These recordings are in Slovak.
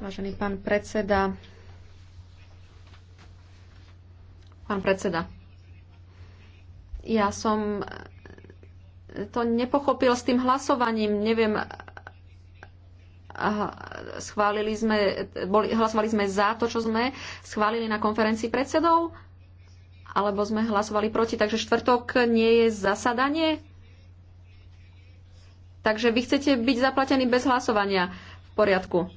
Vážený pán predseda, pán predseda, ja som to nepochopil s tým hlasovaním. Neviem, schválili sme, boli, hlasovali sme za to, čo sme schválili na konferencii predsedov, alebo sme hlasovali proti. Takže štvrtok nie je zasadanie. Takže vy chcete byť zaplatení bez hlasovania. V poriadku.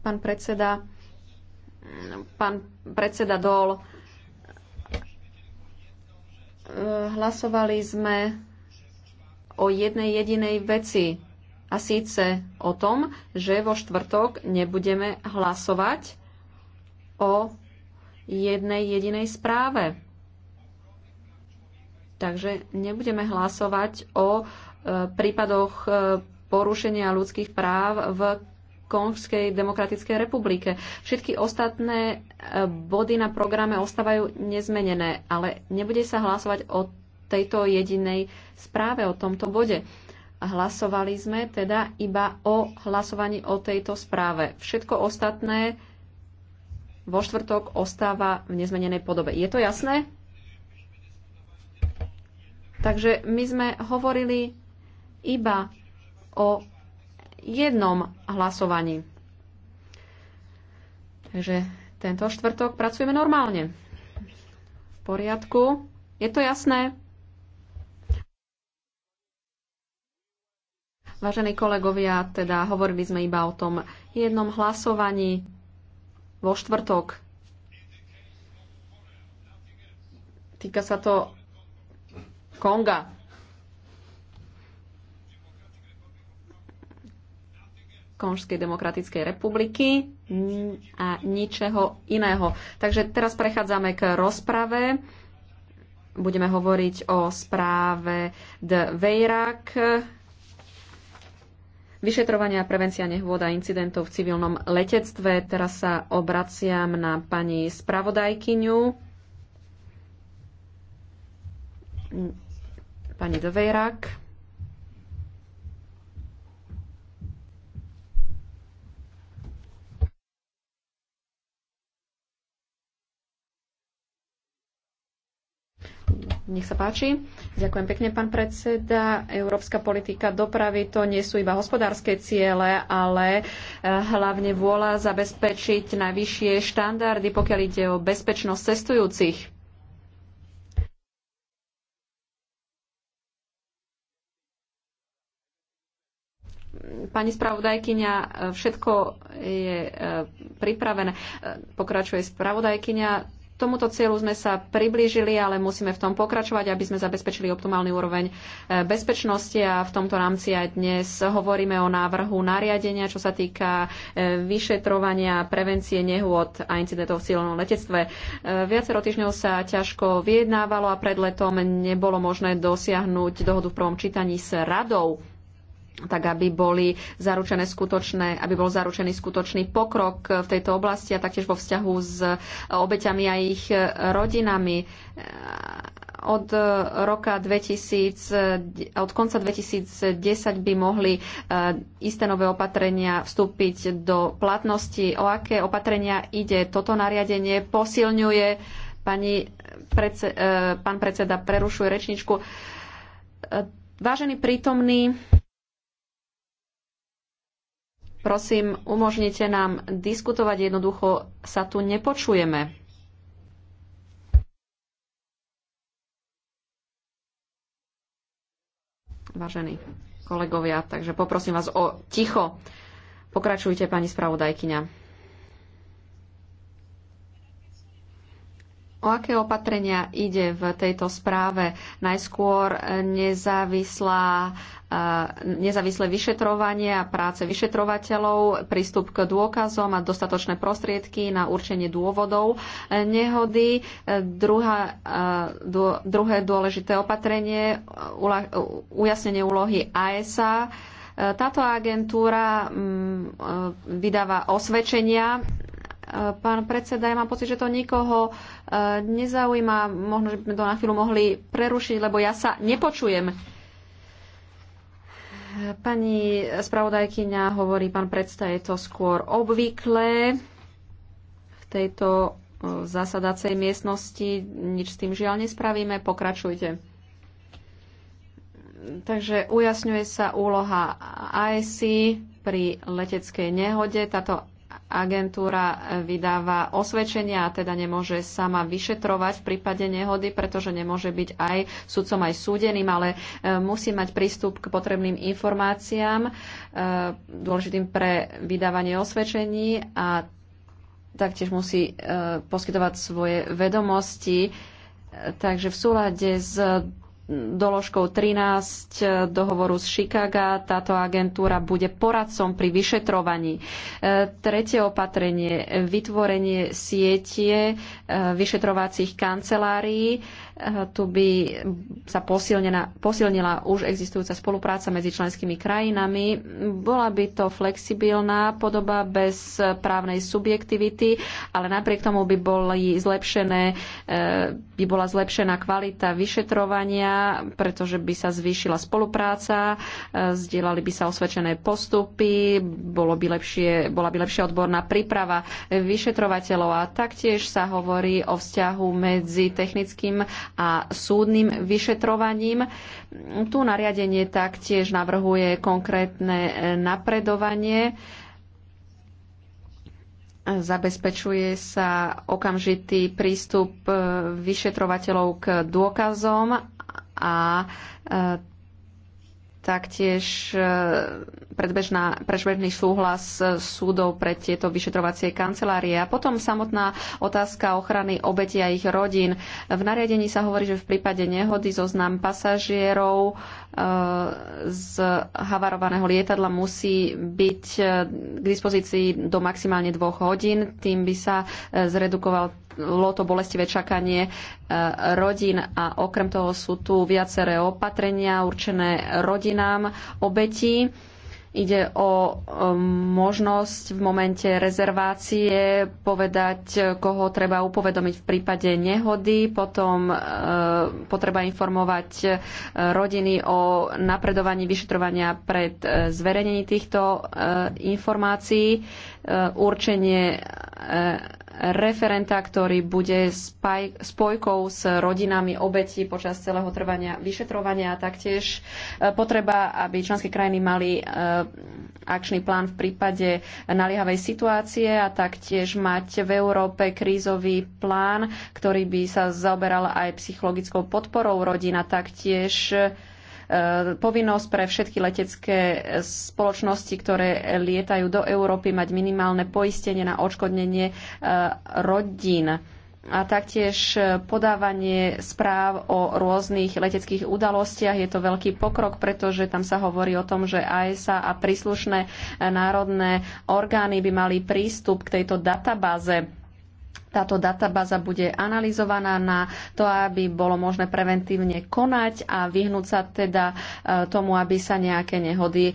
Pán predseda, pán predseda Dol, eh, hlasovali sme o jednej jedinej veci. A síce o tom, že vo štvrtok nebudeme hlasovať o jednej jedinej správe. Takže nebudeme hlasovať o eh, prípadoch eh, porušenia ľudských práv v Konžskej demokratickej republike. Všetky ostatné e, body na programe ostávajú nezmenené, ale nebude sa hlasovať o tejto jedinej správe, o tomto bode. Hlasovali sme teda iba o hlasovaní o tejto správe. Všetko ostatné vo štvrtok ostáva v nezmenenej podobe. Je to jasné? Takže my sme hovorili iba o jednom hlasovaní. Takže tento štvrtok pracujeme normálne. V poriadku. Je to jasné? Vážení kolegovia, teda hovorili sme iba o tom jednom hlasovaní vo štvrtok. Týka sa to Konga. Konžskej demokratickej republiky a ničeho iného. Takže teraz prechádzame k rozprave. Budeme hovoriť o správe The Vejrak, vyšetrovania a prevencia nehôd a incidentov v civilnom letectve. Teraz sa obraciam na pani spravodajkyňu. Pani Dovejrak. Nech sa páči. Ďakujem pekne, pán predseda. Európska politika dopravy to nie sú iba hospodárske ciele, ale eh, hlavne vôľa zabezpečiť najvyššie štandardy, pokiaľ ide o bezpečnosť cestujúcich. Pani spravodajkyňa, eh, všetko je eh, pripravené. Pokračuje spravodajkyňa tomuto cieľu sme sa priblížili, ale musíme v tom pokračovať, aby sme zabezpečili optimálny úroveň e, bezpečnosti a v tomto rámci aj dnes hovoríme o návrhu nariadenia, čo sa týka e, vyšetrovania prevencie nehôd a incidentov v cieľnom letectve. E, viacero týždňov sa ťažko vyjednávalo a pred letom nebolo možné dosiahnuť dohodu v prvom čítaní s radou tak aby boli zaručené skutočné, aby bol zaručený skutočný pokrok v tejto oblasti a taktiež vo vzťahu s obeťami a ich rodinami. Od roka 2000, od konca 2010 by mohli eh, isté nové opatrenia vstúpiť do platnosti. O aké opatrenia ide toto nariadenie? Posilňuje pani predse, eh, pán predseda prerušuje rečničku. Eh, Vážený prítomný, Prosím, umožnite nám diskutovať, jednoducho sa tu nepočujeme. Vážení kolegovia, takže poprosím vás o ticho. Pokračujte, pani spravodajkyňa. O aké opatrenia ide v tejto správe? Najskôr nezávislá, eh, nezávislé vyšetrovanie a práce vyšetrovateľov, prístup k dôkazom a dostatočné prostriedky na určenie dôvodov eh, nehody. Eh, druhá, druhé dôležité opatrenie, ujasnenie úlohy ASA. Táto agentúra mm, vydáva osvedčenia Pán predseda, ja mám pocit, že to nikoho e, nezaujíma. Možno, že by sme to na chvíľu mohli prerušiť, lebo ja sa nepočujem. Pani spravodajkyňa hovorí, pán predseda, je to skôr obvyklé v tejto e, zasadacej miestnosti. Nič s tým žiaľ nespravíme. Pokračujte. Takže ujasňuje sa úloha IC pri leteckej nehode. Táto agentúra eh, vydáva osvedčenia a teda nemôže sama vyšetrovať v prípade nehody, pretože nemôže byť aj sudcom, aj súdeným, ale eh, musí mať prístup k potrebným informáciám, eh, dôležitým pre vydávanie osvedčení a taktiež musí poskytovať svoje vedomosti. Takže v súlade s doložkou 13 dohovoru z Chicaga. Táto agentúra bude poradcom pri vyšetrovaní. E, tretie opatrenie, vytvorenie siete e, vyšetrovacích kancelárií Eh, tu by sa posilnená, posilnila už existujúca spolupráca medzi členskými krajinami. Bola by to flexibilná podoba bez právnej subjektivity, ale napriek tomu by, boli zlepšené, eh, by bola zlepšená kvalita vyšetrovania, pretože by sa zvýšila spolupráca, eh, zdieľali by sa osvedčené postupy, bolo by lepšie, bola by lepšia odborná príprava vyšetrovateľov a taktiež sa hovorí o vzťahu medzi technickým a súdnym vyšetrovaním. Tu nariadenie taktiež navrhuje konkrétne e, napredovanie zabezpečuje sa okamžitý prístup e, vyšetrovateľov k dôkazom a e, taktiež e, predbežná, predbežný súhlas e, súdov pre tieto vyšetrovacie kancelárie. A potom samotná otázka ochrany obeti a ich rodín. V nariadení sa hovorí, že v prípade nehody zoznam pasažierov e, z havarovaného lietadla musí byť k dispozícii do maximálne dvoch hodín. Tým by sa zredukoval to bolestivé čakanie e, rodín a okrem toho sú tu viaceré opatrenia určené rodinám obetí. Ide o e, možnosť v momente rezervácie povedať, e, koho treba upovedomiť v prípade nehody, potom potreba informovať rodiny o napredovaní vyšetrovania pred zverejnením týchto informácií, určenie referenta, ktorý bude spaj, spojkou s rodinami obetí počas celého trvania vyšetrovania a taktiež e, potreba, aby členské krajiny mali e, akčný plán v prípade naliehavej situácie a taktiež mať v Európe krízový plán, ktorý by sa zaoberal aj psychologickou podporou rodina, taktiež E, povinnosť pre všetky letecké spoločnosti, ktoré lietajú do Európy, mať minimálne poistenie na odškodnenie e, rodín a taktiež e, podávanie správ o rôznych leteckých udalostiach. Je to veľký pokrok, pretože tam sa hovorí o tom, že AESA a príslušné národné orgány by mali prístup k tejto databáze táto databáza bude analyzovaná na to, aby bolo možné preventívne konať a vyhnúť sa teda e, tomu, aby sa nejaké nehody e,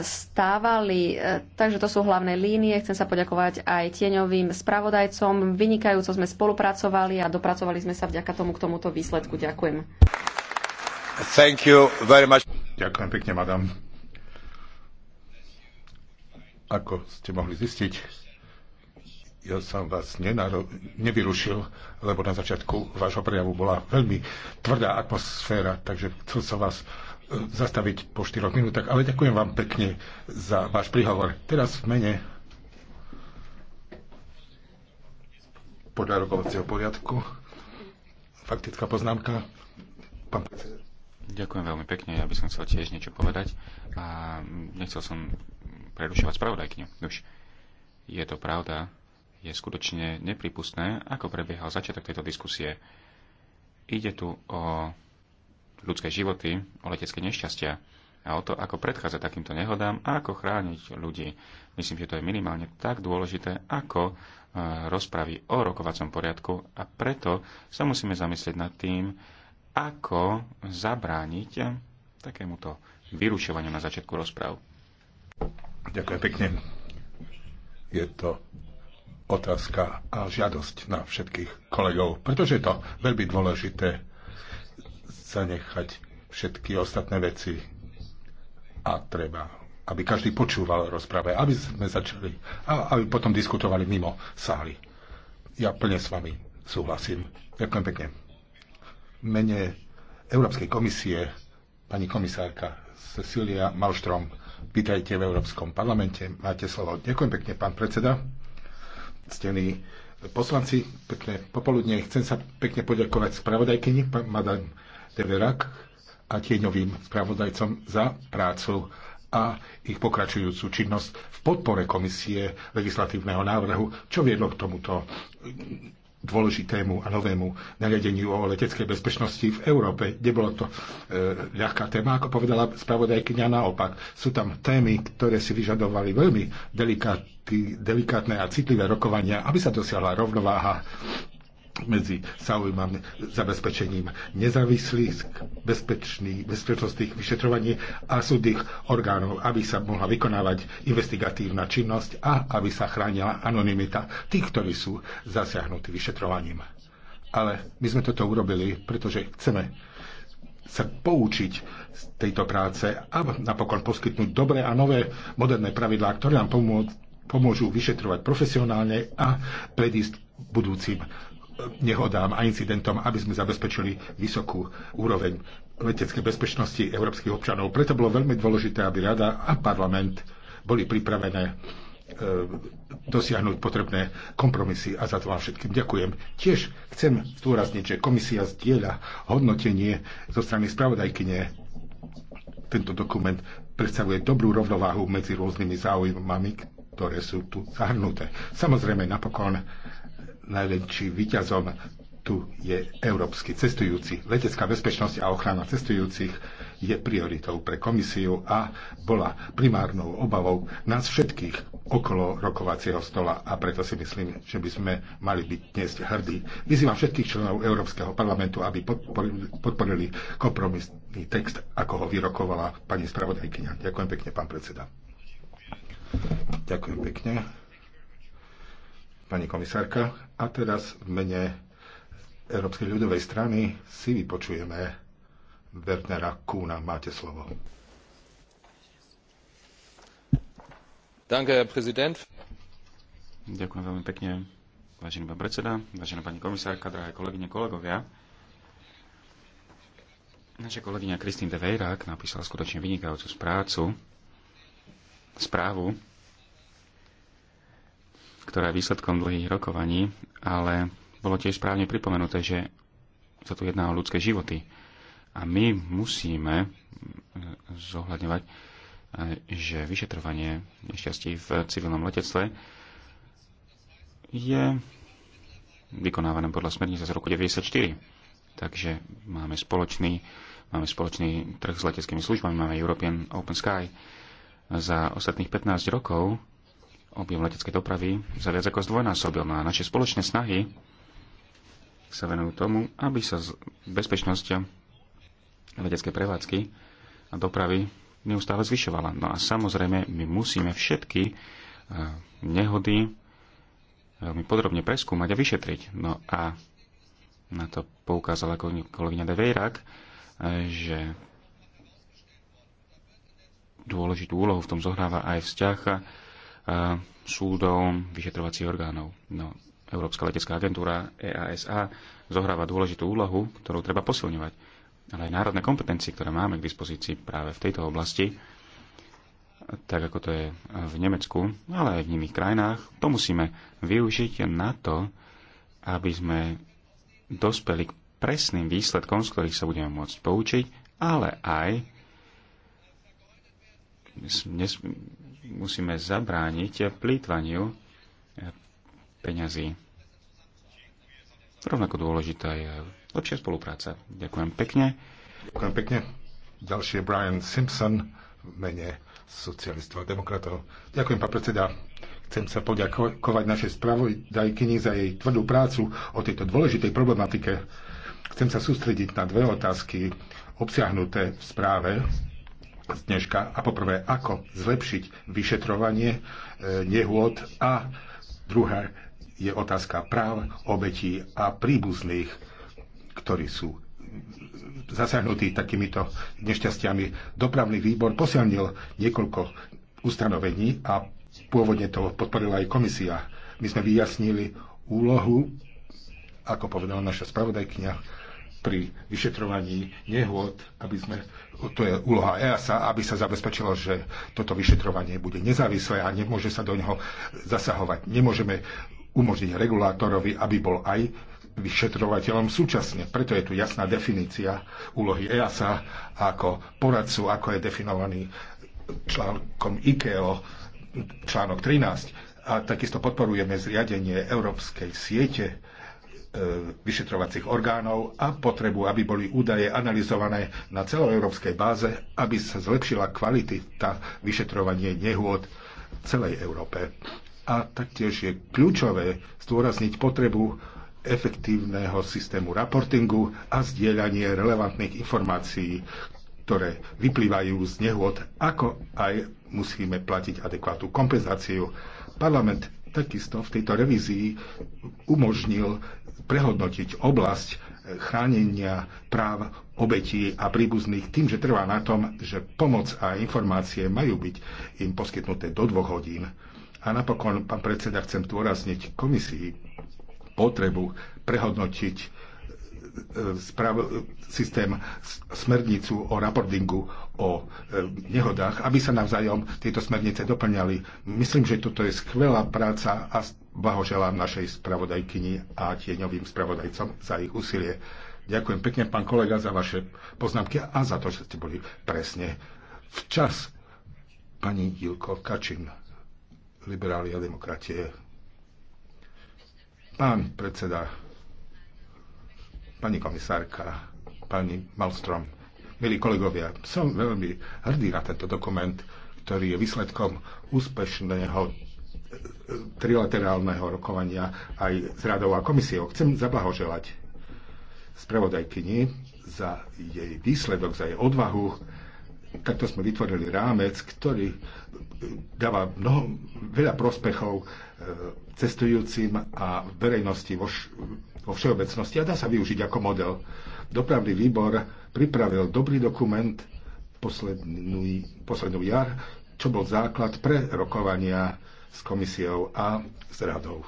stávali. E, takže to sú hlavné línie. Chcem sa poďakovať aj tieňovým spravodajcom. Vynikajúco sme spolupracovali a dopracovali sme sa vďaka tomu k tomuto výsledku. Ďakujem. Thank you very much. Ďakujem pekne, madam. Ako ste mohli zistiť, ja som vás nenaro- nevyrušil, lebo na začiatku vášho prejavu bola veľmi tvrdá atmosféra, takže chcel som vás e, zastaviť po 4 minútach, ale ďakujem vám pekne za váš príhovor. Teraz v mene podľa rokovacieho poriadku faktická poznámka. Pán Ďakujem veľmi pekne, ja by som chcel tiež niečo povedať a nechcel som prerušovať spravodajkyňu. Už je to pravda, je skutočne nepripustné, ako prebiehal začiatok tejto diskusie. Ide tu o ľudské životy, o letecké nešťastia a o to, ako predchádzať takýmto nehodám a ako chrániť ľudí. Myslím, že to je minimálne tak dôležité, ako e, rozpravy o rokovacom poriadku a preto sa musíme zamyslieť nad tým, ako zabrániť takémuto vyrušovaniu na začiatku rozpráv. Ďakujem pekne. Je to otázka a žiadosť na všetkých kolegov, pretože je to veľmi dôležité zanechať všetky ostatné veci a treba, aby každý počúval rozprave, aby sme začali a aby potom diskutovali mimo sály. Ja plne s vami súhlasím. Ďakujem pekne. Mene Európskej komisie pani komisárka Cecilia Malštrom. Vítajte v Európskom parlamente. Máte slovo. Ďakujem pekne, pán predseda. Stení poslanci, pekné popoludne. Chcem sa pekne poďakovať spravodajkyni, Madame Deverak a tieňovým spravodajcom za prácu a ich pokračujúcu činnosť v podpore komisie legislatívneho návrhu, čo viedlo k tomuto dôležitému a novému nariadeniu o leteckej bezpečnosti v Európe. Nebolo to e, ľahká téma, ako povedala spravodajkynia. naopak. Sú tam témy, ktoré si vyžadovali veľmi delikátne a citlivé rokovania, aby sa dosiahla rovnováha medzi záujmami zabezpečením nezávislých bezpečných, bezpečnostných vyšetrovaní a súdnych orgánov, aby sa mohla vykonávať investigatívna činnosť a aby sa chránila anonimita tých, ktorí sú zasiahnutí vyšetrovaním. Ale my sme toto urobili, pretože chceme sa poučiť z tejto práce a napokon poskytnúť dobré a nové moderné pravidlá, ktoré nám pomôcť pomôžu vyšetrovať profesionálne a predísť budúcim nehodám a incidentom, aby sme zabezpečili vysokú úroveň leteckej bezpečnosti európskych občanov. Preto bolo veľmi dôležité, aby Rada a parlament boli pripravené e, dosiahnuť potrebné kompromisy a za to vám všetkým ďakujem. Tiež chcem zdôrazniť, že komisia zdieľa hodnotenie zo strany spravodajkyne. Tento dokument predstavuje dobrú rovnováhu medzi rôznymi záujmami, ktoré sú tu zahrnuté. Samozrejme, napokon najväčším výťazom tu je európsky cestujúci. Letecká bezpečnosť a ochrana cestujúcich je prioritou pre komisiu a bola primárnou obavou nás všetkých okolo rokovacieho stola a preto si myslím, že by sme mali byť dnes hrdí. Vyzývam všetkých členov Európskeho parlamentu, aby podporili kompromisný text, ako ho vyrokovala pani spravodajkyňa. Ďakujem pekne, pán predseda. Ďakujem pekne pani komisárka. A teraz v mene Európskej ľudovej strany si vypočujeme Wernera Kúna. Máte slovo. Danke, Herr Ďakujem veľmi pekne, vážený pán predseda, vážená pani komisárka, drahé kolegyne, kolegovia. Naša kolegyňa Kristýn de Vejrák napísala skutočne vynikajúcu správcu, správu ktorá je výsledkom dlhých rokovaní, ale bolo tiež správne pripomenuté, že sa tu jedná o ľudské životy. A my musíme e, zohľadňovať, e, že vyšetrovanie nešťastí v civilnom letectve je vykonávané podľa smernice z roku 1994. Takže máme spoločný, máme spoločný trh s leteckými službami, máme European Open Sky. Za ostatných 15 rokov objem leteckej dopravy sa viac ako zdvojnásobil. No a naše spoločné snahy sa venujú tomu, aby sa bezpečnosť leteckej prevádzky a dopravy neustále zvyšovala. No a samozrejme, my musíme všetky e, nehody veľmi podrobne preskúmať a vyšetriť. No a na to poukázala kolegyňa De Vejrak, e, že dôležitú úlohu v tom zohráva aj vzťah súdov, vyšetrovacích orgánov. No, Európska letecká agentúra EASA zohráva dôležitú úlohu, ktorú treba posilňovať. Ale aj národné kompetencie, ktoré máme k dispozícii práve v tejto oblasti, tak ako to je v Nemecku, ale aj v iných krajinách, to musíme využiť na to, aby sme dospeli k presným výsledkom, z ktorých sa budeme môcť poučiť, ale aj musíme zabrániť plýtvaniu peňazí. Rovnako dôležitá je lepšia spolupráca. Ďakujem pekne. Ďakujem pekne. Ďalší je Brian Simpson v mene socialistov a demokratov. Ďakujem, pán predseda. Chcem sa poďakovať našej spravodajkyni za jej tvrdú prácu o tejto dôležitej problematike. Chcem sa sústrediť na dve otázky obsiahnuté v správe z dneška. A poprvé, ako zlepšiť vyšetrovanie e, nehôd a druhá je otázka práv obetí a príbuzných, ktorí sú zasiahnutí takýmito nešťastiami. Dopravný výbor posilnil niekoľko ustanovení a pôvodne to podporila aj komisia. My sme vyjasnili úlohu, ako povedala naša spravodajkňa, pri vyšetrovaní nehôd, aby sme, to je úloha EASA, aby sa zabezpečilo, že toto vyšetrovanie bude nezávislé a nemôže sa do neho zasahovať. Nemôžeme umožniť regulátorovi, aby bol aj vyšetrovateľom súčasne. Preto je tu jasná definícia úlohy EASA ako poradcu, ako je definovaný článkom IKEO, článok 13. A takisto podporujeme zriadenie Európskej siete E, vyšetrovacích orgánov a potrebu, aby boli údaje analyzované na celoeurópskej báze, aby sa zlepšila kvalita vyšetrovanie nehôd v celej Európe. A taktiež je kľúčové zdôrazniť potrebu efektívneho systému raportingu a zdieľanie relevantných informácií, ktoré vyplývajú z nehôd, ako aj musíme platiť adekvátnu kompenzáciu. Parlament takisto v tejto revízii umožnil prehodnotiť oblasť chránenia práv obetí a príbuzných tým, že trvá na tom, že pomoc a informácie majú byť im poskytnuté do dvoch hodín. A napokon, pán predseda, chcem dôrazniť komisii potrebu prehodnotiť E, systém smernicu o raportingu o e, nehodách, aby sa navzájom tieto smernice doplňali. Myslím, že toto je skvelá práca a blahoželám našej spravodajkyni a tieňovým spravodajcom za ich úsilie. Ďakujem pekne, pán kolega, za vaše poznámky a za to, že ste boli presne včas. Pani Jilko Kačin, liberáli a demokratie. Pán predseda Pani komisárka, pani Malstrom, milí kolegovia, som veľmi hrdý na tento dokument, ktorý je výsledkom úspešného e, trilaterálneho rokovania aj s radou a komisiou. Chcem zablahoželať spravodajkyni za jej výsledok, za jej odvahu. Takto sme vytvorili rámec, ktorý dáva mnoho, veľa prospechov e, cestujúcim a v verejnosti vo, vo všeobecnosti a dá sa využiť ako model. Dopravný výbor pripravil dobrý dokument poslednú, poslednú jar, čo bol základ pre rokovania s komisiou a s radou.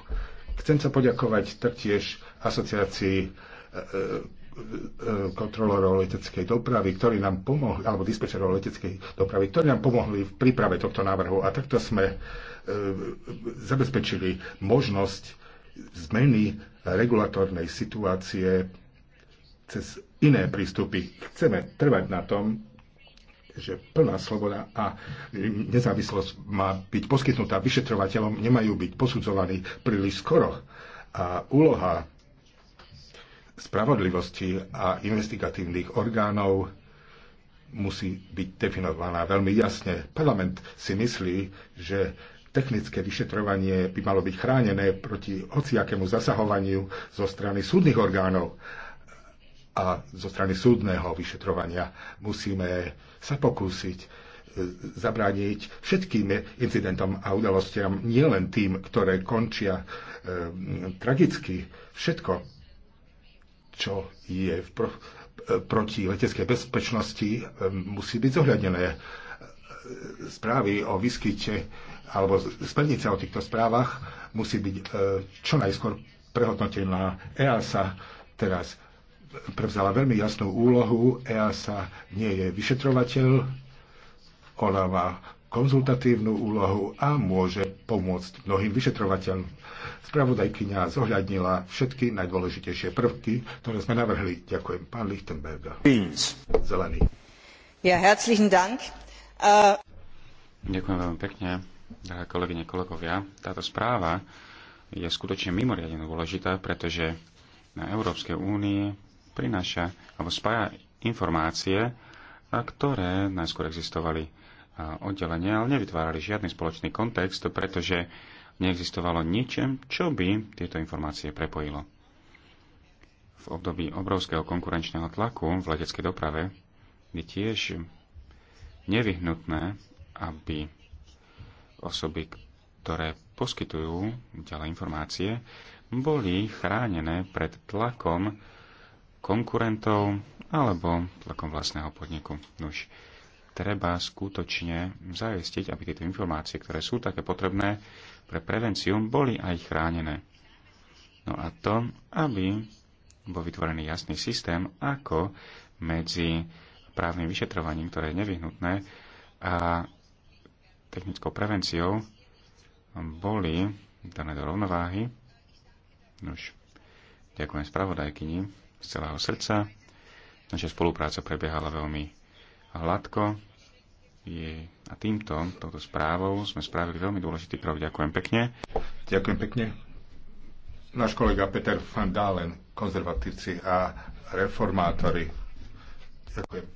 Chcem sa poďakovať taktiež asociácii e, e kontrolorov leteckej dopravy, ktorí nám pomohli, alebo dispečerov leteckej dopravy, ktorí nám pomohli v príprave tohto návrhu. A takto sme e, zabezpečili možnosť zmeny regulatornej situácie cez iné prístupy. Chceme trvať na tom, že plná sloboda a nezávislosť má byť poskytnutá vyšetrovateľom, nemajú byť posudzovaní príliš skoro. A úloha spravodlivosti a investigatívnych orgánov musí byť definovaná veľmi jasne. Parlament si myslí, že technické vyšetrovanie by malo byť chránené proti hociakému zasahovaniu zo strany súdnych orgánov a zo strany súdneho vyšetrovania. Musíme sa pokúsiť e, zabrániť všetkým incidentom a udalostiam, nielen tým, ktoré končia e, tragicky. Všetko čo je v pro, proti leteckej bezpečnosti, eh, musí byť zohľadené. Eh, správy o vyskyte alebo splnice o týchto správach musí byť eh, čo najskôr prehodnotená. EASA teraz prevzala veľmi jasnú úlohu. EASA nie je vyšetrovateľ, ona má konzultatívnu úlohu a môže pomôcť mnohým vyšetrovateľom. Spravodajkyňa zohľadnila všetky najdôležitejšie prvky, ktoré sme navrhli. Ďakujem, pán Lichtenberger. Beans. Zelený. Ja, herzlichen Dank. Uh... Ďakujem veľmi pekne, drahé kolegyne, kolegovia. Táto správa je skutočne mimoriadne dôležitá, pretože na Európskej únie prináša alebo spája informácie, ktoré najskôr existovali oddelenie, ale nevytvárali žiadny spoločný kontext, pretože neexistovalo ničem, čo by tieto informácie prepojilo. V období obrovského konkurenčného tlaku v leteckej doprave je tiež nevyhnutné, aby osoby, ktoré poskytujú ďalej informácie, boli chránené pred tlakom konkurentov alebo tlakom vlastného podniku. Nuž, treba skutočne zajistiť, aby tieto informácie, ktoré sú také potrebné pre prevenciu, boli aj chránené. No a to, aby bol vytvorený jasný systém, ako medzi právnym vyšetrovaním, ktoré je nevyhnutné, a technickou prevenciou boli dané do rovnováhy. Nož, ďakujem spravodajkyni z celého srdca. Naša spolupráca prebiehala veľmi hladko. Je, a týmto, touto správou, sme spravili veľmi dôležitý krok. Ďakujem pekne. Ďakujem pekne. Náš kolega Peter van Dalen, konzervatívci a reformátori. Ďakujem.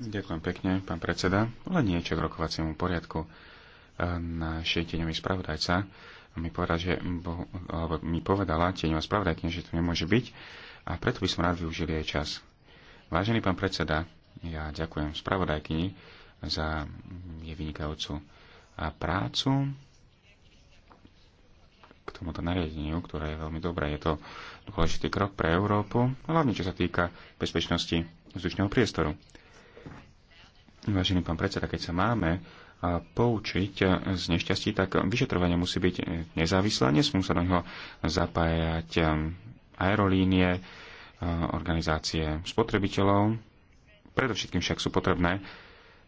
Ďakujem pekne, pán predseda. Len niečo k rokovaciemu poriadku. E, Náš tieňový spravodajca mi povedal, že, bo, alebo mi povedala tieňová spravodajkňa, že to nemôže byť a preto by som rád využil jej čas. Vážený pán predseda, ja ďakujem spravodajkyni za jej vynikajúcu prácu k tomuto nariadeniu, ktoré je veľmi dobré. Je to dôležitý krok pre Európu, hlavne čo sa týka bezpečnosti vzdušného priestoru. Vážený pán predseda, keď sa máme poučiť z nešťastí, tak vyšetrovanie musí byť nezávislé, nesmú sa do neho zapájať aerolínie, organizácie spotrebiteľov, Predovšetkým však sú potrebné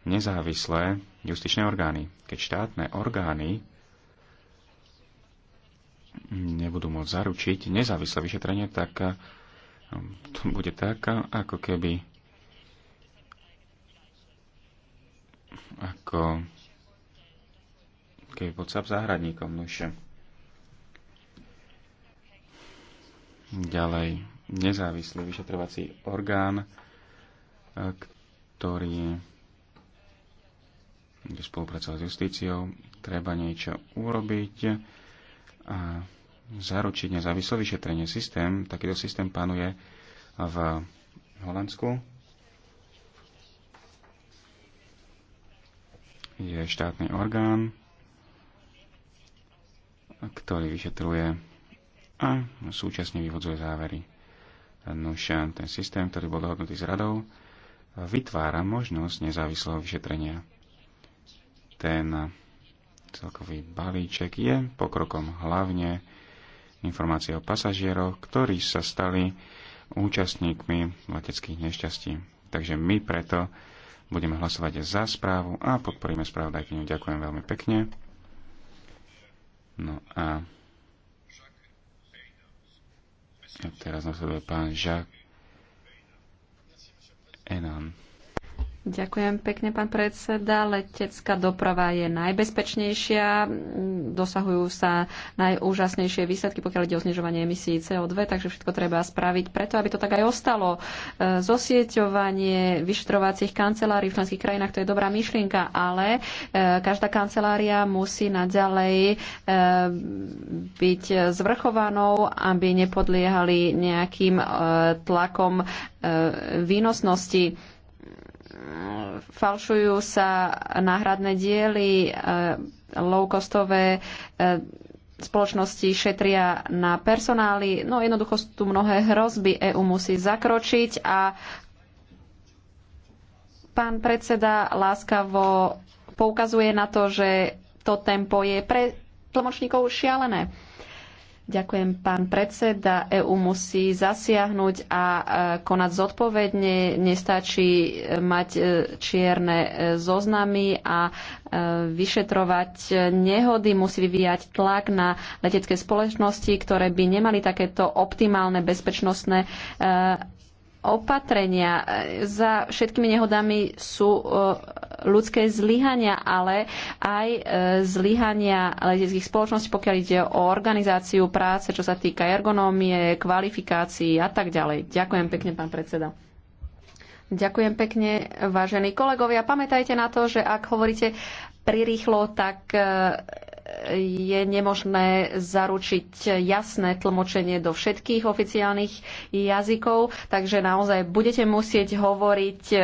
nezávislé justičné orgány. Keď štátne orgány nebudú môcť zaručiť nezávislé vyšetrenie, tak eh, to bude tak, ako keby ako keby bol cap záhradníkom. Nož. Ďalej, nezávislý vyšetrovací orgán ktorý kde spolupracovať s justíciou, treba niečo urobiť a zaručiť nezávislé vyšetrenie. Systém, takýto systém panuje v Holandsku. Je štátny orgán, ktorý vyšetruje a súčasne vyvodzuje závery. Nuž, ten systém, ktorý bol dohodnutý s radou, vytvára možnosť nezávislého vyšetrenia. Ten celkový balíček je pokrokom hlavne informácie o pasažieroch, ktorí sa stali účastníkmi leteckých nešťastí. Takže my preto budeme hlasovať za správu a podporíme spravodajkyňu. Ďakujem veľmi pekne. No a teraz nasleduje pán Jacques Enan. Ďakujem pekne, pán predseda. Letecká doprava je najbezpečnejšia. Dosahujú sa najúžasnejšie výsledky, pokiaľ ide o znižovanie emisí CO2, takže všetko treba spraviť preto, aby to tak aj ostalo. E, zosieťovanie vyšetrovacích kancelárií v členských krajinách, to je dobrá myšlienka, ale e, každá kancelária musí naďalej e, byť zvrchovanou, aby nepodliehali nejakým tlakom výnosnosti falšujú sa náhradné diely, eh, low-costové eh, spoločnosti šetria na personály, No jednoducho sú tu mnohé hrozby. EÚ musí zakročiť a pán predseda láskavo poukazuje na to, že to tempo je pre tlmočníkov šialené. Ďakujem, pán predseda. EÚ musí zasiahnuť a e, konať zodpovedne. Nestačí e, mať e, čierne zoznamy a vyšetrovať nehody. Musí vyvíjať tlak na letecké spoločnosti, ktoré by nemali takéto optimálne bezpečnostné opatrenia. Za všetkými nehodami sú e, ľudské zlyhania, ale aj e, zlyhania leteckých spoločností, pokiaľ ide o organizáciu práce, čo sa týka ergonómie, kvalifikácií a tak ďalej. Ďakujem pekne, pán predseda. Ďakujem pekne, vážení kolegovia. Pamätajte na to, že ak hovoríte prirýchlo, tak e, je nemožné zaručiť jasné tlmočenie do všetkých oficiálnych jazykov, takže naozaj budete musieť hovoriť e,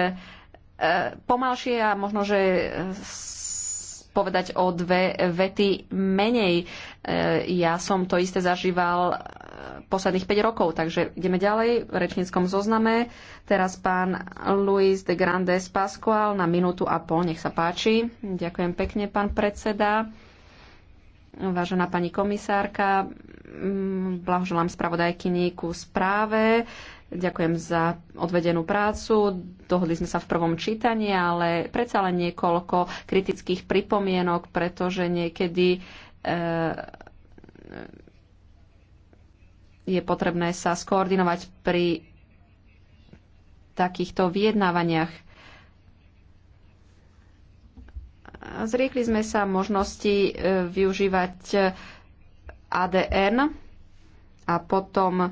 pomalšie a možno, že povedať o dve vety menej. E, ja som to isté zažíval e, posledných 5 rokov, takže ideme ďalej v rečníckom zozname. Teraz pán Luis de Grandes Pascual na minútu a pol, nech sa páči. Ďakujem pekne, pán predseda. Vážená pani komisárka, mm, blahoželám spravodajkyni ku správe. Ďakujem za odvedenú prácu. Dohodli sme sa v prvom čítaní, ale predsa len niekoľko kritických pripomienok, pretože niekedy eh, je potrebné sa skoordinovať pri takýchto vyjednávaniach Zriekli sme sa možnosti e, využívať e, ADN a potom e,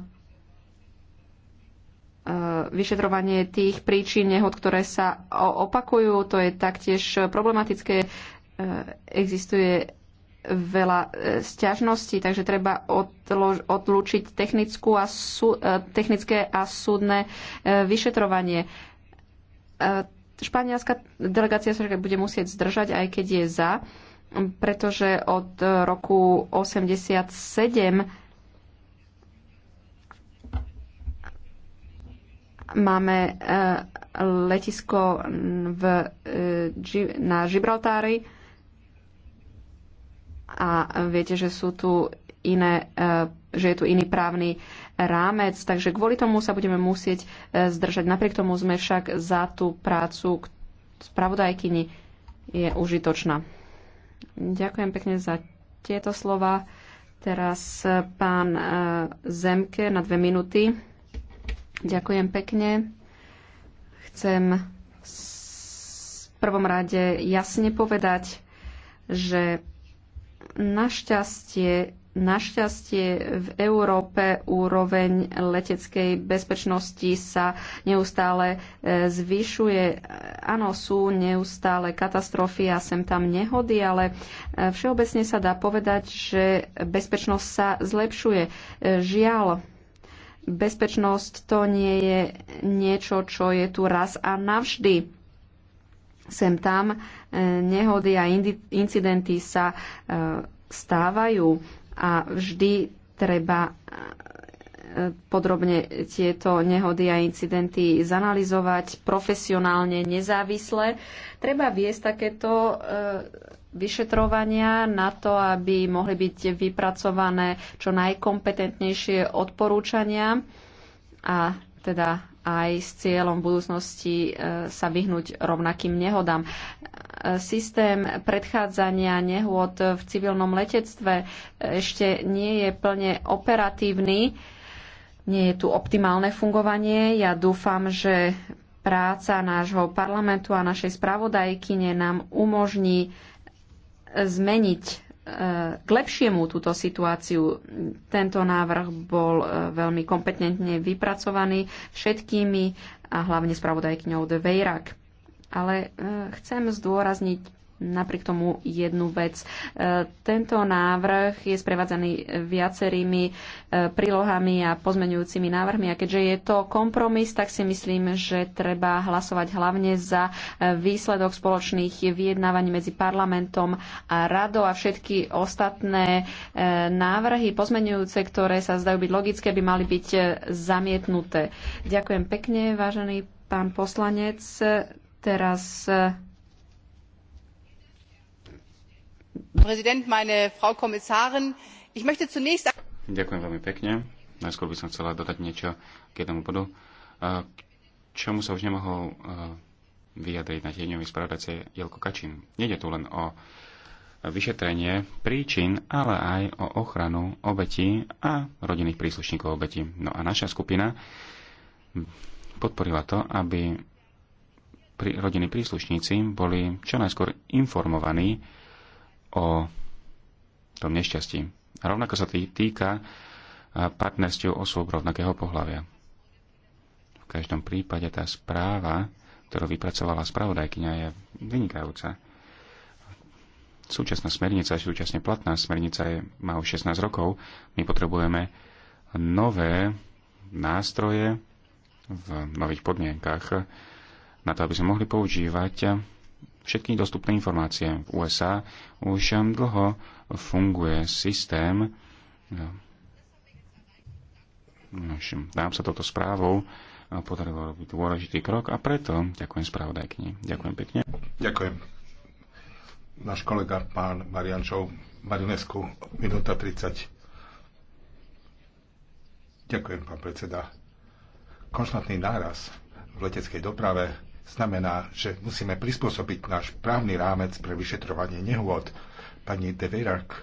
vyšetrovanie tých príčin nehod, ktoré sa opakujú. To je taktiež problematické. Existuje veľa sťažností, takže treba odlúčiť technickú a sú, technické a súdne vyšetrovanie španielská delegácia sa bude musieť zdržať, aj keď je za, pretože od roku 87 máme eh, letisko v, eh, na Gibraltári a viete, že sú tu iné, eh, že je tu iný právny rámec, takže kvôli tomu sa budeme musieť e, zdržať. Napriek tomu sme však za tú prácu spravodajkyni je užitočná. Ďakujem pekne za tieto slova. Teraz e, pán e, Zemke na dve minúty. Ďakujem pekne. Chcem v prvom rade jasne povedať, že našťastie Našťastie v Európe úroveň leteckej bezpečnosti sa neustále e, zvyšuje. Áno, sú neustále katastrofy a sem tam nehody, ale e, všeobecne sa dá povedať, že bezpečnosť sa zlepšuje. E, žiaľ, bezpečnosť to nie je niečo, čo je tu raz a navždy sem tam nehody a incidenty sa stávajú a vždy treba e, podrobne tieto nehody a incidenty zanalizovať profesionálne, nezávisle. Treba viesť takéto e, vyšetrovania na to, aby mohli byť vypracované čo najkompetentnejšie odporúčania a teda aj s cieľom v budúcnosti e, sa vyhnúť rovnakým nehodám. E, systém predchádzania nehôd v civilnom letectve e, ešte nie je plne operatívny. Nie je tu optimálne fungovanie. Ja dúfam, že práca nášho parlamentu a našej spravodajkyne nám umožní zmeniť k lepšiemu túto situáciu. Tento návrh bol e, veľmi kompetentne vypracovaný všetkými a hlavne spravodajkňou De Vejrak. Ale e, chcem zdôrazniť napriek tomu jednu vec. E, tento návrh je sprevádzaný viacerými e, prílohami a pozmeňujúcimi návrhmi a keďže je to kompromis, tak si myslím, že treba hlasovať hlavne za e, výsledok spoločných vyjednávaní medzi parlamentom a radou a všetky ostatné návrhy pozmeňujúce, ktoré sa zdajú byť logické, by mali byť zamietnuté. Ďakujem pekne, vážený pán poslanec. Teraz Präsident, meine Frau Kommissarin, ich möchte zunächst... Ďakujem veľmi pekne. Najskôr by som chcela dodať niečo k jednému bodu, k čomu sa už nemohol vyjadriť na tieňový spravodajce Jelko Kačín. Nede tu len o vyšetrenie príčin, ale aj o ochranu obetí a rodinných príslušníkov obetí. No a naša skupina podporila to, aby rodinní príslušníci boli čo najskôr informovaní o tom nešťastí. A rovnako sa tý, týka partnerstiev osôb rovnakého pohľavia. V každom prípade tá správa, ktorú vypracovala spravodajkyňa, je vynikajúca. Súčasná smernica, súčasne platná smernica je, má už 16 rokov. My potrebujeme nové nástroje v nových podmienkach na to, aby sme mohli používať všetky dostupné informácie. V USA už um, dlho funguje systém, dám um, sa toto správou, uh, podarilo robiť dôležitý krok a preto ďakujem spravodajkni. Ďakujem pekne. Ďakujem. Náš kolega pán Mariančov, Marinesku, minúta 30. Ďakujem, pán predseda. Konštantný náraz v leteckej doprave Znamená, že musíme prispôsobiť náš právny rámec pre vyšetrovanie nehôd. Pani de Verac e,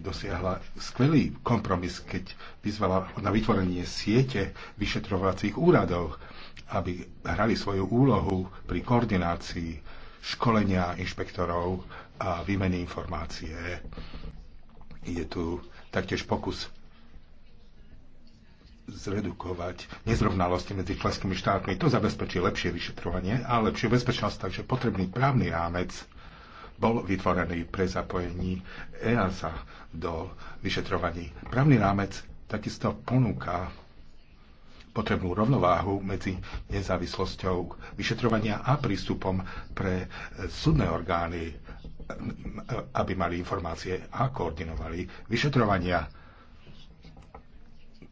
dosiahla skvelý kompromis, keď vyzvala na vytvorenie siete vyšetrovacích úradov, aby hrali svoju úlohu pri koordinácii školenia inšpektorov a výmene informácie. Je tu taktiež pokus zredukovať nezrovnalosti medzi členskými štátmi. To zabezpečí lepšie vyšetrovanie a lepšiu bezpečnosť, takže potrebný právny rámec bol vytvorený pre zapojení EASA do vyšetrovaní. Právny rámec takisto ponúka potrebnú rovnováhu medzi nezávislosťou vyšetrovania a prístupom pre súdne orgány, aby mali informácie a koordinovali vyšetrovania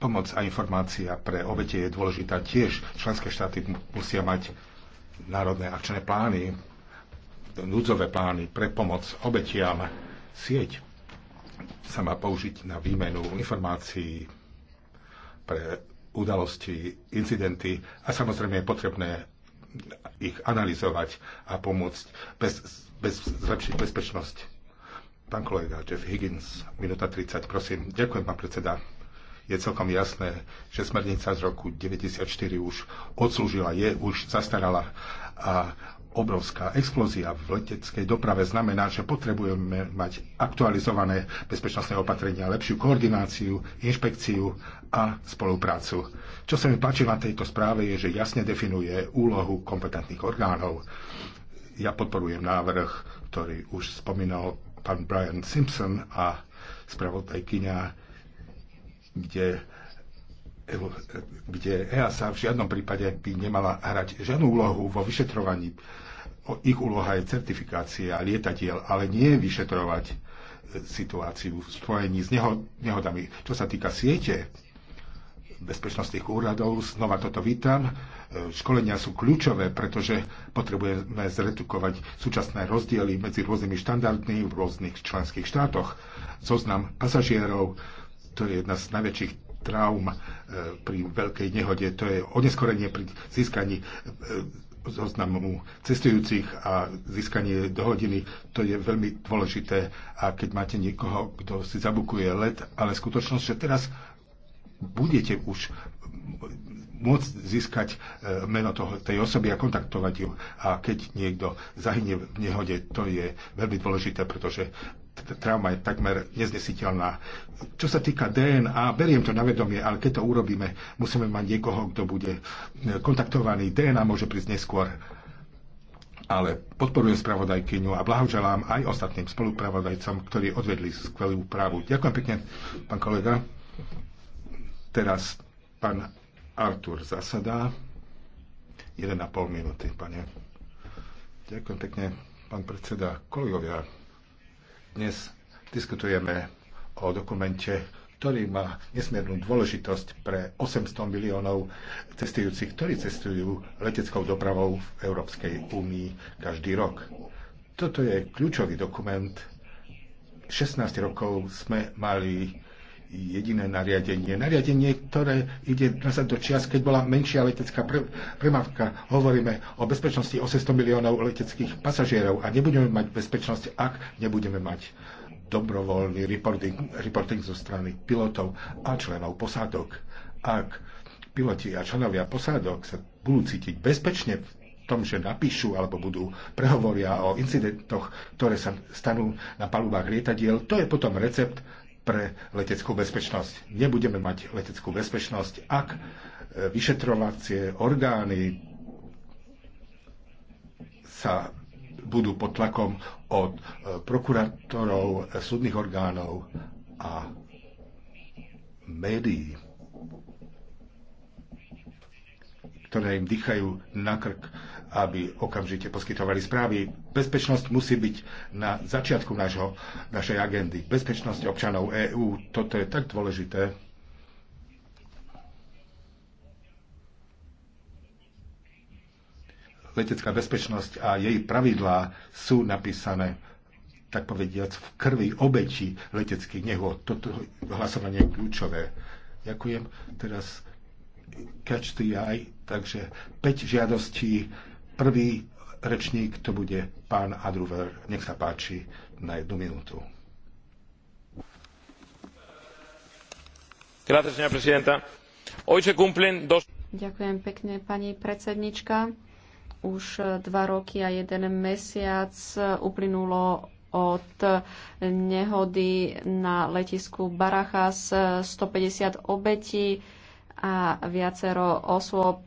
Pomoc a informácia pre obete je dôležitá tiež. Členské štáty musia mať národné akčné plány, núdzové plány pre pomoc obetiam. Sieť sa má použiť na výmenu informácií pre udalosti, incidenty a samozrejme je potrebné ich analyzovať a pomôcť bez, bez zlepšiť bezpečnosť. Pán kolega Jeff Higgins, minúta 30, prosím. Ďakujem, pán predseda je celkom jasné, že smernica z roku 1994 už odslúžila, je už zastarala a obrovská explózia v leteckej doprave znamená, že potrebujeme mať aktualizované bezpečnostné opatrenia, lepšiu koordináciu, inšpekciu a spoluprácu. Čo sa mi páči na tejto správe je, že jasne definuje úlohu kompetentných orgánov. Ja podporujem návrh, ktorý už spomínal pán Brian Simpson a spravodajkyňa kde kde EASA v žiadnom prípade by nemala hrať žiadnu úlohu vo vyšetrovaní. Ich úloha je certifikácia lietadiel, ale nie vyšetrovať e, situáciu v spojení s nehodami. Čo sa týka siete, bezpečnostných úradov. Znova toto vítam. E, školenia sú kľúčové, pretože potrebujeme zredukovať súčasné rozdiely medzi rôznymi štandardmi v rôznych členských štátoch. Zoznam pasažierov, to je jedna z najväčších traum e, pri veľkej nehode, to je oneskorenie pri získaní e, zoznamu cestujúcich a získanie do hodiny, to je veľmi dôležité. A keď máte niekoho, kto si zabukuje let, ale skutočnosť, že teraz budete už môcť získať e, meno toho, tej osoby a kontaktovať ju. A keď niekto zahynie v nehode, to je veľmi dôležité, pretože trauma je takmer neznesiteľná. Čo sa týka DNA, beriem to na vedomie, ale keď to urobíme, musíme mať niekoho, kto bude e, kontaktovaný. DNA môže prísť neskôr ale podporujem spravodajkyňu a blahoželám aj ostatným spolupravodajcom, ktorí odvedli skvelú právu. Ďakujem pekne, pán kolega. Teraz pán Artur zasadá. 1,5 minúty, pane. Ďakujem pekne, pán predseda, kolegovia. Dnes diskutujeme o dokumente, ktorý má nesmiernu dôležitosť pre 800 miliónov cestujúcich, ktorí cestujú leteckou dopravou v Európskej únii každý rok. Toto je kľúčový dokument. 16 rokov sme mali jediné nariadenie. Nariadenie, ktoré ide nazad do čias, keď bola menšia letecká pr- premávka. Hovoríme o bezpečnosti 800 miliónov leteckých pasažierov a nebudeme mať bezpečnosť, ak nebudeme mať dobrovoľný reporting, reporting zo strany pilotov a členov posádok. Ak piloti a členovia posádok sa budú cítiť bezpečne v tom, že napíšu alebo budú prehovoria o incidentoch, ktoré sa stanú na palubách lietadiel, to je potom recept, pre leteckú bezpečnosť. Nebudeme mať leteckú bezpečnosť, ak e, vyšetrovacie orgány sa budú pod tlakom od e, prokurátorov, e, súdnych orgánov a médií, ktoré im dýchajú na krk aby okamžite poskytovali správy. Bezpečnosť musí byť na začiatku našho, našej agendy. Bezpečnosť občanov EÚ, toto je tak dôležité. Letecká bezpečnosť a jej pravidlá sú napísané tak povediac, v krvi obeti leteckých nehôd. Toto hlasovanie je kľúčové. Ďakujem. Teraz catch the eye, takže 5 žiadostí Prvý rečník to bude pán Adruver. Nech sa páči na jednu minútu. Ďakujem pekne, pani predsednička. Už dva roky a jeden mesiac uplynulo od nehody na letisku Barachas 150 obetí a viacero osôb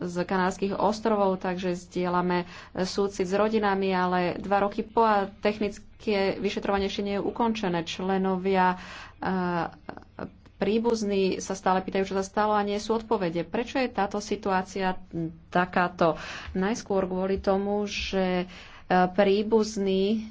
z Kanárskych ostrovov, takže zdieľame súcit s rodinami, ale dva roky po a technické vyšetrovanie ešte nie je ukončené. Členovia eh, príbuzní sa stále pýtajú, čo sa stalo a nie sú odpovede. Prečo je táto situácia takáto? Najskôr kvôli tomu, že eh, príbuzní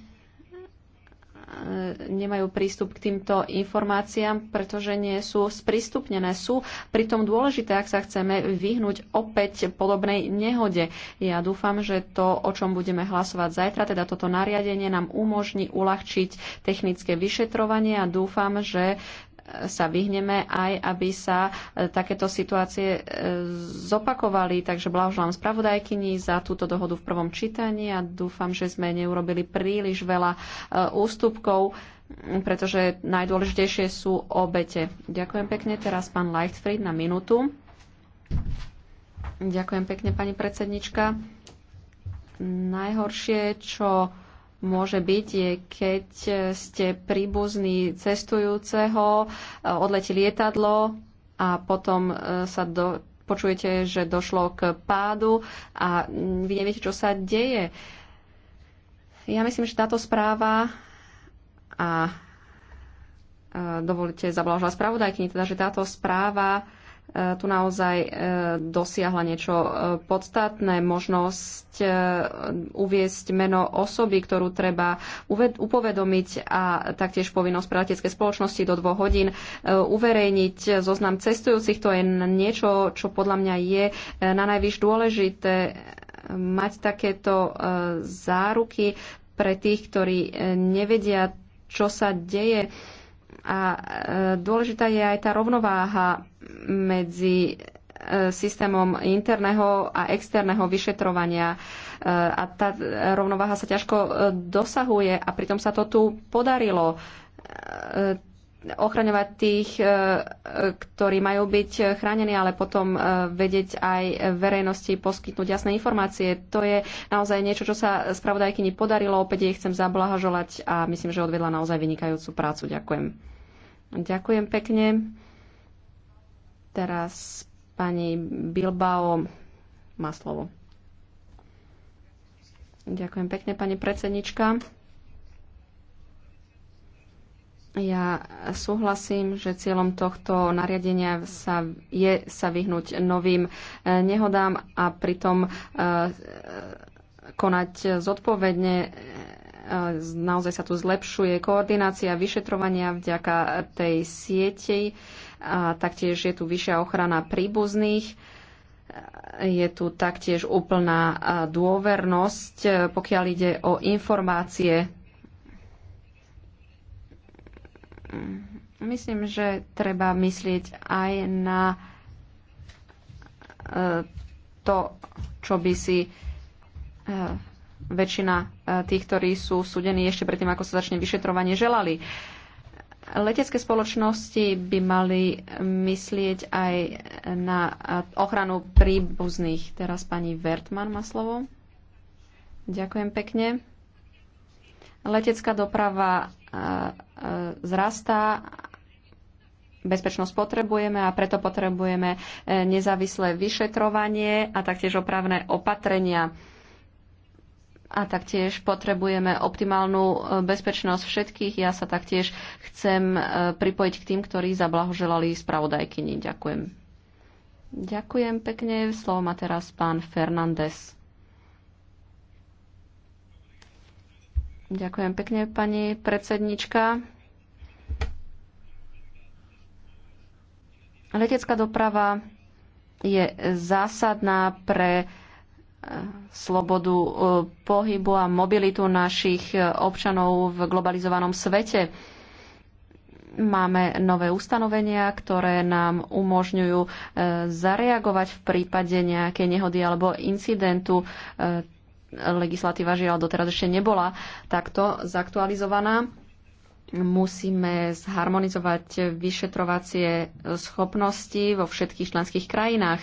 nemajú prístup k týmto informáciám, pretože nie sú sprístupnené. Sú pritom dôležité, ak sa chceme vyhnúť opäť podobnej nehode. Ja dúfam, že to, o čom budeme hlasovať zajtra, teda toto nariadenie nám umožní uľahčiť technické vyšetrovanie a dúfam, že sa vyhneme aj, aby sa e, takéto situácie e, zopakovali. Takže blahoželám spravodajkyni za túto dohodu v prvom čítaní a dúfam, že sme neurobili príliš veľa e, ústupkov, pretože najdôležitejšie sú obete. Ďakujem pekne. Teraz pán Leichtfried na minútu. Ďakujem pekne, pani predsednička. Najhoršie, čo môže byť, je keď ste príbuzní cestujúceho, odletí lietadlo a potom e, sa do, počujete, že došlo k pádu a vy neviete, čo sa deje. Ja myslím, že táto správa a e, dovolite zablažovať spravodajkyni, teda, že táto správa E, tu naozaj e, dosiahla niečo e, podstatné, možnosť uviesť meno osoby, ktorú treba upovedomiť a taktiež povinnosť pre spoločnosti do dvoch hodín uverejniť zoznam cestujúcich. To je niečo, čo podľa mňa je na najvyššie dôležité mať takéto záruky pre tých, ktorí nevedia, čo sa deje a e, dôležitá je aj tá rovnováha medzi e, systémom interného a externého vyšetrovania. E, a tá rovnováha sa ťažko dosahuje a pritom sa to tu podarilo ochraňovať tých, ktorí majú byť chránení, ale potom vedieť aj verejnosti poskytnúť jasné informácie. To je naozaj niečo, čo sa spravodajkyni podarilo. Opäť jej chcem zablahoželať a myslím, že odvedla naozaj vynikajúcu prácu. Ďakujem. Ďakujem pekne. Teraz pani Bilbao má slovo. Ďakujem pekne, pani predsednička. Ja súhlasím, že cieľom tohto nariadenia sa, je sa vyhnúť novým e, nehodám a pritom e, e, konať zodpovedne E, naozaj sa tu zlepšuje koordinácia vyšetrovania vďaka tej sieti a taktiež je tu vyššia ochrana príbuzných. Je tu taktiež úplná e, dôvernosť, e, pokiaľ ide o informácie. Myslím, že treba myslieť aj na to, čo by si väčšina e, tých, ktorí sú súdení ešte predtým, ako sa začne vyšetrovanie, želali. Letecké spoločnosti by mali myslieť aj na e, ochranu príbuzných. Teraz pani Vertman má slovo. Ďakujem pekne. Letecká doprava e, zrastá bezpečnosť potrebujeme a preto potrebujeme nezávislé vyšetrovanie a taktiež opravné opatrenia a taktiež potrebujeme optimálnu e, bezpečnosť všetkých. Ja sa taktiež chcem e, pripojiť k tým, ktorí zablahoželali spravodajkyni. Ďakujem. Ďakujem pekne. Slovo má teraz pán Fernández. Ďakujem pekne, pani predsednička. Letecká doprava je zásadná pre slobodu e, pohybu a mobilitu našich e, občanov v globalizovanom svete. Máme nové ustanovenia, ktoré nám umožňujú e, zareagovať v prípade nejakej nehody alebo incidentu. Legislatíva žiaľ doteraz ešte nebola takto zaktualizovaná musíme zharmonizovať vyšetrovacie schopnosti vo všetkých členských krajinách.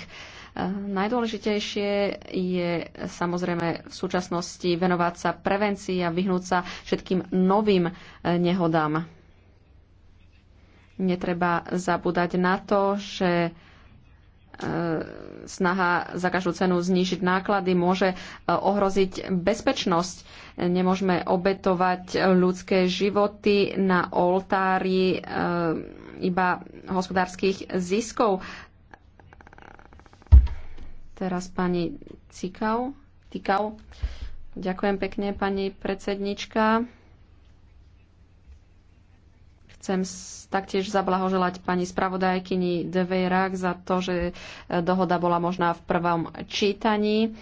Najdôležitejšie je samozrejme v súčasnosti venovať sa prevencii a vyhnúť sa všetkým novým eh, nehodám. Netreba zabúdať na to, že eh, snaha za každú cenu znížiť náklady môže eh, ohroziť bezpečnosť. Nemôžeme obetovať ľudské životy na oltári iba hospodárskych ziskov. Teraz pani Cikau. Tikau. Ďakujem pekne, pani predsednička. Chcem taktiež zablahoželať pani spravodajkyni De za to, že eh, dohoda bola možná v prvom čítaní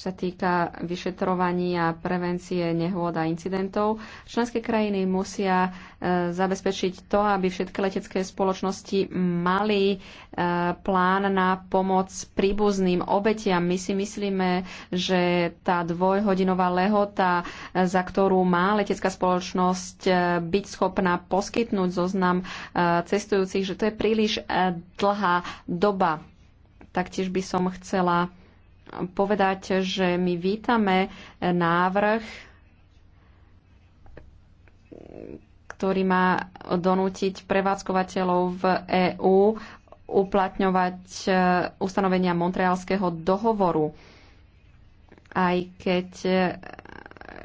sa týka vyšetrovania prevencie nehôd a incidentov. Členské krajiny musia e, zabezpečiť to, aby všetky letecké spoločnosti mali e, plán na pomoc príbuzným obetiam. My si myslíme, že tá dvojhodinová lehota, e, za ktorú má letecká spoločnosť byť schopná poskytnúť zoznam cestujúcich, že to je príliš dlhá doba. Taktiež by som chcela povedať, že my vítame návrh, ktorý má donútiť prevádzkovateľov v EÚ uplatňovať e, ustanovenia Montrealského dohovoru. Aj keď e,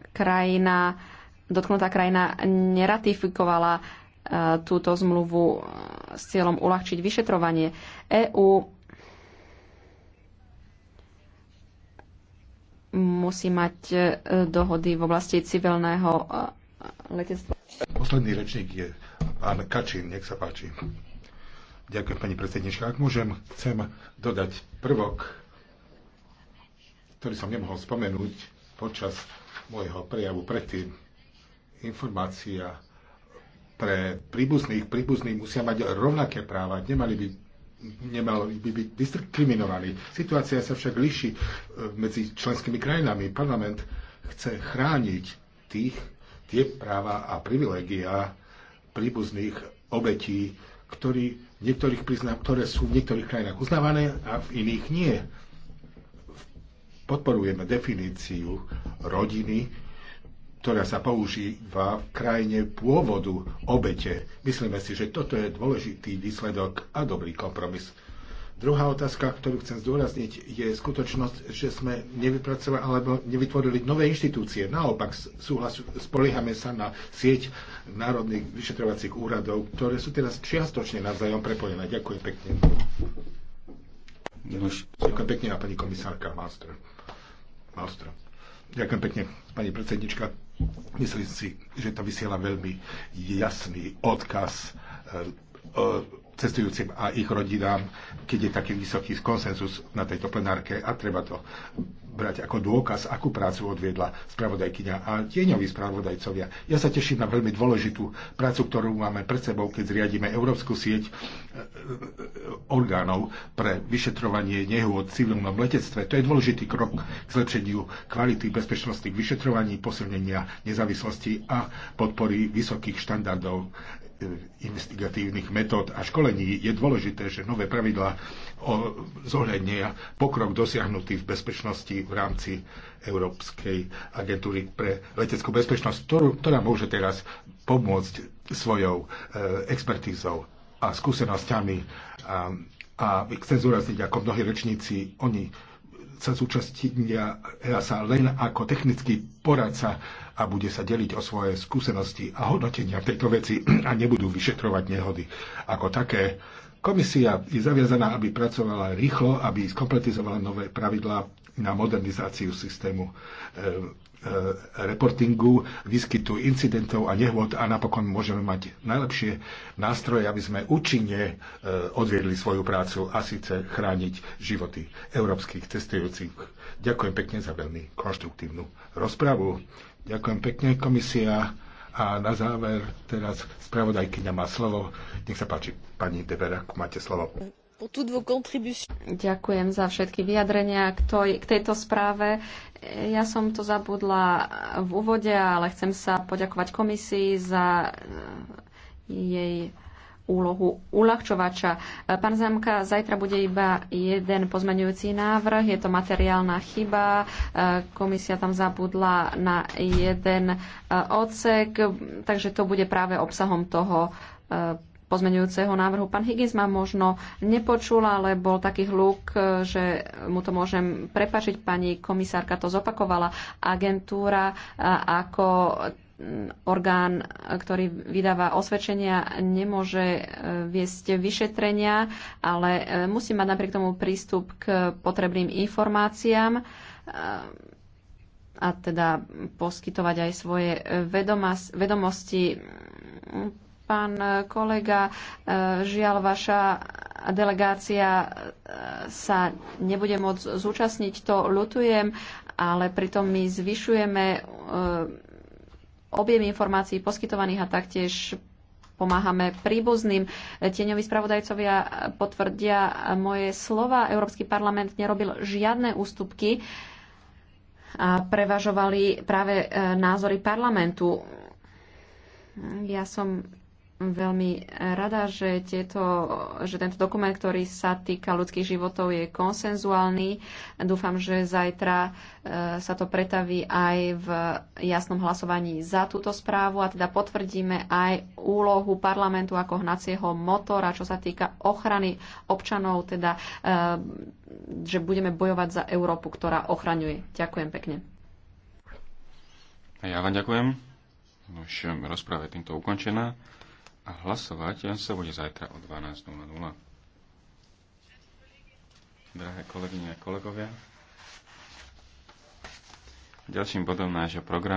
krajina, dotknutá krajina neratifikovala e, túto zmluvu s cieľom uľahčiť vyšetrovanie. EÚ musí mať e, dohody v oblasti civilného e, letectva. Posledný rečník je pán Kačín, nech sa páči. Ďakujem, pani predsednička. Ak môžem, chcem dodať prvok, ktorý som nemohol spomenúť počas môjho prejavu predtým. Informácia pre príbuzných. Príbuzní musia mať rovnaké práva, nemali by nemal by byť diskriminovaný. Situácia sa však liší e, medzi členskými krajinami. Parlament chce chrániť tých, tie práva a privilégia príbuzných obetí, ktorí niektorých prizná, ktoré sú v niektorých krajinách uznávané a v iných nie. Podporujeme definíciu rodiny ktorá sa používa v krajine pôvodu obete. Myslíme si, že toto je dôležitý výsledok a dobrý kompromis. Druhá otázka, ktorú chcem zdôrazniť, je skutočnosť, že sme nevypracovali alebo nevytvorili nové inštitúcie. Naopak súhlas, spoliehame sa na sieť národných vyšetrovacích úradov, ktoré sú teraz čiastočne navzájom prepojené. Ďakujem pekne. Ďakujem pekne a pani komisárka Malstrom. Ďakujem pekne, pani predsednička. Myslím si, že to vysiela veľmi jasný odkaz e, e, cestujúcim a ich rodinám, keď je taký vysoký konsenzus na tejto plenárke a treba to brať ako dôkaz, akú prácu odviedla spravodajkyňa a tieňoví spravodajcovia. Ja sa teším na veľmi dôležitú prácu, ktorú máme pred sebou, keď zriadíme Európsku sieť eh, eh, orgánov pre vyšetrovanie nehôd v civilnom letectve. To je dôležitý krok k zlepšeniu kvality bezpečnostných vyšetrovaní, posilnenia nezávislosti a podpory vysokých štandardov investigatívnych metód a školení je dôležité, že nové pravidlá zohľadnia pokrok dosiahnutý v bezpečnosti v rámci Európskej agentúry pre leteckú bezpečnosť, ktorú, ktorá môže teraz pomôcť svojou e, expertízou a skúsenosťami. A, a chcem zúrazniť, ako mnohí rečníci, oni sa zúčastnia sa len ako technický poradca a bude sa deliť o svoje skúsenosti a hodnotenia v tejto veci a nebudú vyšetrovať nehody ako také. Komisia je zaviazaná, aby pracovala rýchlo, aby skompletizovala nové pravidlá na modernizáciu systému E, reportingu, výskytu incidentov a nehôd a napokon môžeme mať najlepšie nástroje, aby sme účinne e, odviedli svoju prácu a síce chrániť životy európskych cestujúcich. Ďakujem pekne za veľmi konštruktívnu rozpravu. Ďakujem pekne, komisia. A na záver teraz spravodajkyňa má slovo. Nech sa páči, pani Deverak, máte slovo. Ďakujem za všetky vyjadrenia k, toj, k tejto správe. Ja som to zabudla v úvode, ale chcem sa poďakovať komisii za eh, jej úlohu uľahčovača. Eh, pán Zemka, zajtra bude iba jeden pozmeňujúci návrh, je to materiálna chyba, eh, komisia tam zabudla na jeden odsek, takže to bude práve obsahom toho pozmeňujúceho návrhu. Pán Higgins ma možno nepočula, ale bol taký hľúk, že mu to môžem prepačiť. Pani komisárka to zopakovala. Agentúra ako mm, orgán, ktorý vydáva osvedčenia, nemôže e, viesť vyšetrenia, ale e, musí mať napriek tomu prístup k potrebným informáciám e, a teda poskytovať aj svoje vedomosti Pán kolega, e, žiaľ, vaša delegácia e, sa nebude môcť zúčastniť, to ľutujem, ale pritom my zvyšujeme e, objem informácií poskytovaných a taktiež pomáhame príbuzným. Tieňoví spravodajcovia potvrdia moje slova. Európsky parlament nerobil žiadne ústupky a prevažovali práve názory parlamentu. Ja som veľmi rada, že, tieto, že tento dokument, ktorý sa týka ľudských životov, je konsenzuálny. Dúfam, že zajtra e, sa to pretaví aj v jasnom hlasovaní za túto správu a teda potvrdíme aj úlohu parlamentu ako hnacieho motora, čo sa týka ochrany občanov, teda e, že budeme bojovať za Európu, ktorá ochraňuje. Ďakujem pekne. A ja vám ďakujem. Už rozpráva je týmto ukončená a hlasovať sa bude zajtra o 12.00. Drahé kolegyne a kolegovia, ďalším bodom nášho programu